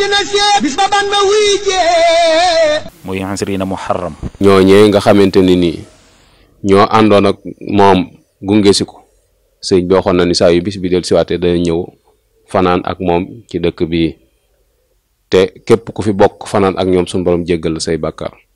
dina seet bis ba ban ba nga xamante ni nii ñoo àndoon ak moom gunge si ko sëñ bi na ni saa yu bis bi del siwaate dana ñëw fanaan ak moom ci dëkk bii te képp ku fi bokk fanaan ak ñoom suñu borom jéggal say bàkkaar